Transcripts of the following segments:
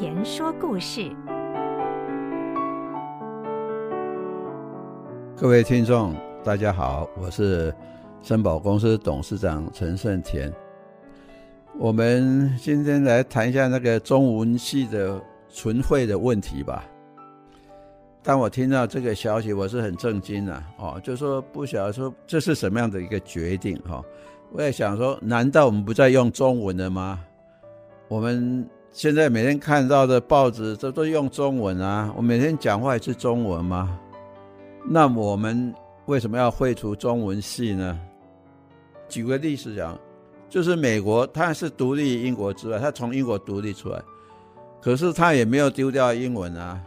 田說故事，各位聽眾，大家好，我是森寶公司董事長陳勝田。我們今天來談一下那個中文系的存廢的問題吧。當我聽到這個消息，我是很震驚的哦，就說不曉得說這是什麼樣的一個決定哈、哦。我也想說，難道我們不再用中文了嗎？我們。現在每天看到的報紙，這都用中文啊。我每天講話也是中文嗎？那我們為什麼要廢除中文系呢？舉個例子講，就是美國，它是獨立於英國之外，它從英國獨立出來，可是它也沒有丟掉英文啊，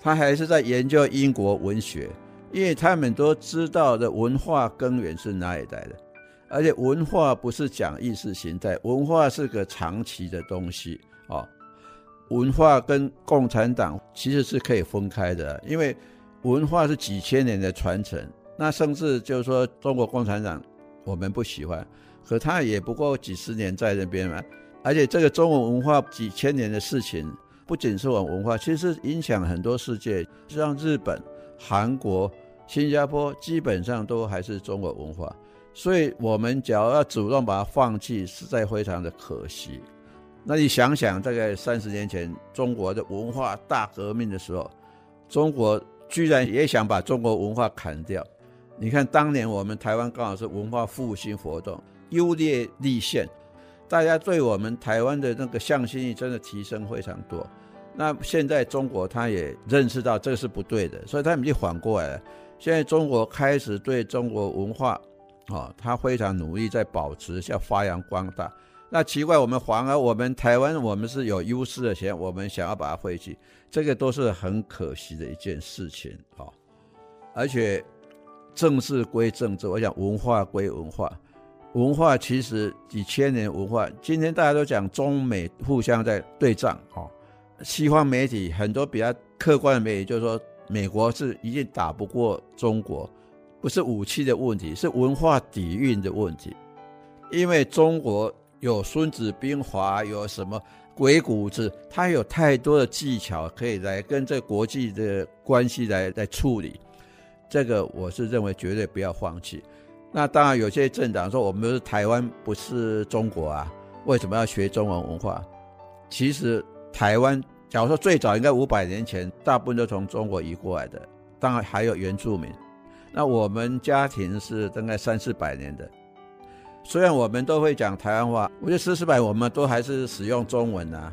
它還是在研究英國文學，因為他們都知道的文化根源是哪裡來的。而且文化不是講意識形態，文化是個長期的東西啊、哦。文化跟共產黨其實是可以分開的，因為文化是幾千年的傳承。那甚至就是說，中國共產黨我們不喜歡，可他也不過幾十年在那邊嘛。而且這個中國文化幾千年的事情，不僅是我們文化，其實影響很多世界，像日本、韓國、新加坡，基本上都還是中國文化。所以我們只要要主動把它放棄，實在非常的可惜。那你想想，大概三十年前中國的文化大革命的時候，中國居然也想把中國文化砍掉。你看，當年我們台灣剛好是文化復興活動，優劣立現，大家對我們台灣的那個向心力真的提升非常多。那現在中國他也認識到這個是不對的，所以他們就緩過來了。現在中國開始對中國文化。哦，他非常努力在保持、在發揚光大。那奇怪，我們反而、啊、我們台灣，我們是有優勢的錢，我們想要把它揮去，這個都是很可惜的一件事情。哦，而且政治歸政治，我想文化歸文化，文化其實幾千年文化。今天大家都講中美互相在對仗，哦，西方媒體很多比較客觀的媒體，就是說美國是一定打不過中國。不是武器的問題，是文化底蘊的問題。因為中國有《孫子兵法》，有什麼《鬼谷子》，它有太多的技巧可以來跟這國際的關係來來處理。這個我是認為絕對不要放棄。那當然有些政黨說我們是台灣，不是中國啊，為什麼要學中文文化？其實台灣，假如說最早應該五百年前，大部分都從中國移過來的，當然還有原住民。那我們家庭是大概三四百年的，雖然我們都會講台灣話，我覺得四四百我們都還是使用中文吶。啊，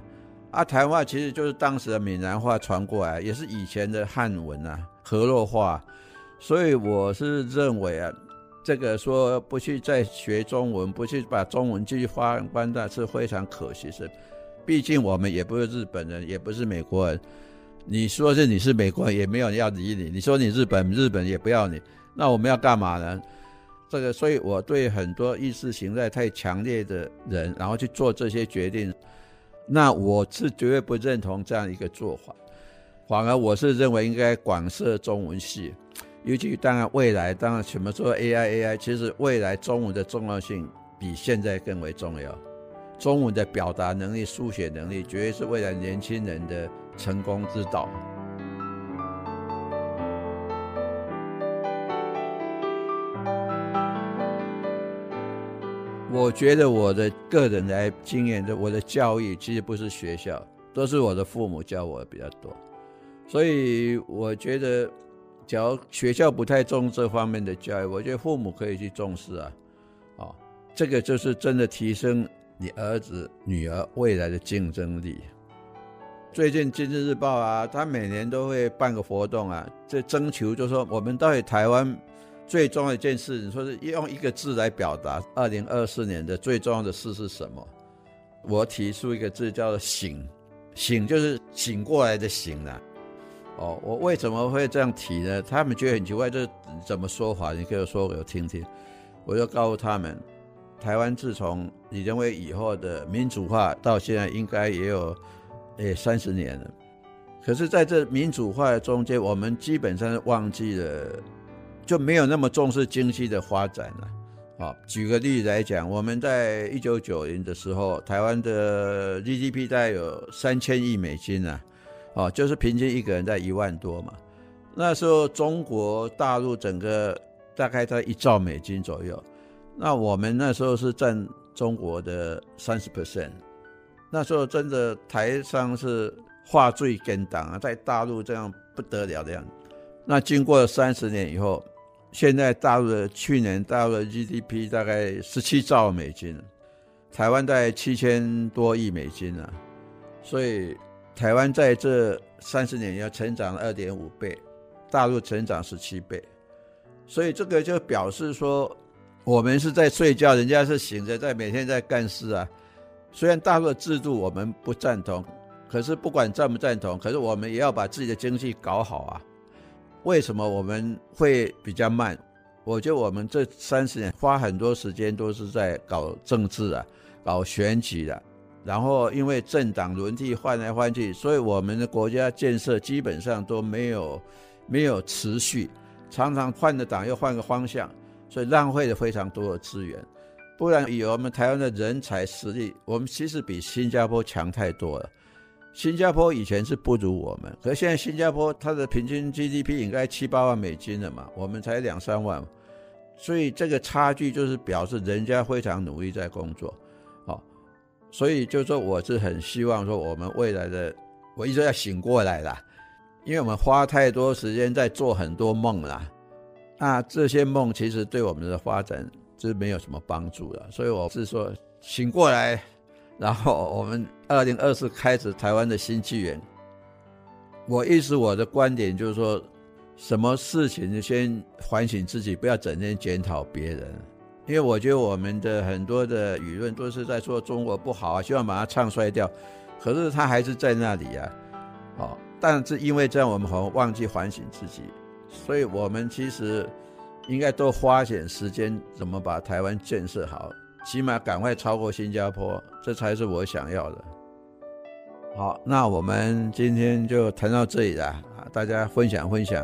啊，台灣話其實就是當時的閩南話傳過來，也是以前的漢文吶，河洛話。所以我是認為啊，這個說不去再學中文，不去把中文繼續發揚光大是非常可惜的。畢竟我們也不是日本人，也不是美國人。你說是你是美國人也沒有人要理你，你說你日本日本也不要你，那我們要幹嘛呢？這個，所以我對很多意識形態太強烈的人，然後去做這些決定，那我是絕對不認同這樣一個做法。反而我是認為應該廣設中文系，尤其當然未來當然什麼說 AI AI，其實未來中文的重要性比現在更為重要，中文的表達能力、書寫能力，絕對是未來年輕人的。成功之道，我覺得我的個人來經驗，我的教育其實不是學校，都是我的父母教我比較多。所以我覺得，假如學校不太重這方面的教育，我覺得父母可以去重視啊。啊，這個就是真的提升你兒子、女兒未來的競爭力。最近《經濟日報》啊，他每年都會辦個活動啊，這徵求就說我們到台灣最重要的一件事，你說是用一個字來表達，二零二四年的最重要的事是什麼？我提出一個字叫“醒”，醒就是醒過來的醒了、啊。哦，我為什麼會這樣提呢？他們覺得很奇怪，就是怎麼說法？你可以說給我聽聽。我就告訴他們，台灣自從李登輝以後的民主化到現在，應該也有。哎，三十年了，可是在這民主化的中間，我們基本上忘記了，就沒有那麼重視經濟的發展了啊。啊，哦，舉個例子來講，我們在一九九零的時候，台灣的 GDP 大概有三千億美金啊，哦，就是平均一個人在一萬多嘛。那時候中國大陸整個大概在一兆美金左右，那我們那時候是佔中國的三十 percent。那時候真的，台商是畫罪跟黨啊，在大陸這樣不得了的樣。那經過了三十年以後，現在大陸的去年大陸的 GDP 大概十七兆美金，台灣在七千多億美金啊。所以台灣在這三十年要成長二點五倍，大陸成長十七倍。所以這個就表示說，我們是在睡覺，人家是醒着在每天在幹事啊。雖然大陸的制度我們不贊同，可是不管贊不贊同，可是我們也要把自己的經濟搞好啊。為什麼我們會比較慢？我覺得我們這三十年花很多時間都是在搞政治啊，搞選舉的啊，然後因為政黨輪替換來換去，所以我們的國家建設基本上都沒有沒有持續，常常換個黨又換個方向，所以浪費了非常多的資源。不然以我們台灣的人才實力，我們其實比新加坡強太多了。新加坡以前是不如我們，可是現在新加坡它的平均 GDP 應該七八萬美金了嘛，我們才兩三萬，所以這個差距就是表示人家非常努力在工作，哦，所以就說我是很希望說我們未來的，我一直要醒過來啦，因為我們花太多時間在做很多夢啦。那這些夢其實對我們的發展。是沒有什麼幫助了，啊，所以我是說，醒過來，然後我們二零二四開始台灣的新紀元。我意思我的觀點就是說，什麼事情先反省自己，不要整天檢討別人。因為我覺得我們的很多的輿論都是在說中國不好啊，希望把它唱衰掉，可是它還是在那裡呀，啊。好，哦，但是因為這樣，我們好像忘記反省自己，所以我們其實。應該多花點時間，怎麼把台灣建設好？起碼趕快超過新加坡，這才是我想要的。好，那我們今天就談到這裡了啊，大家分享分享。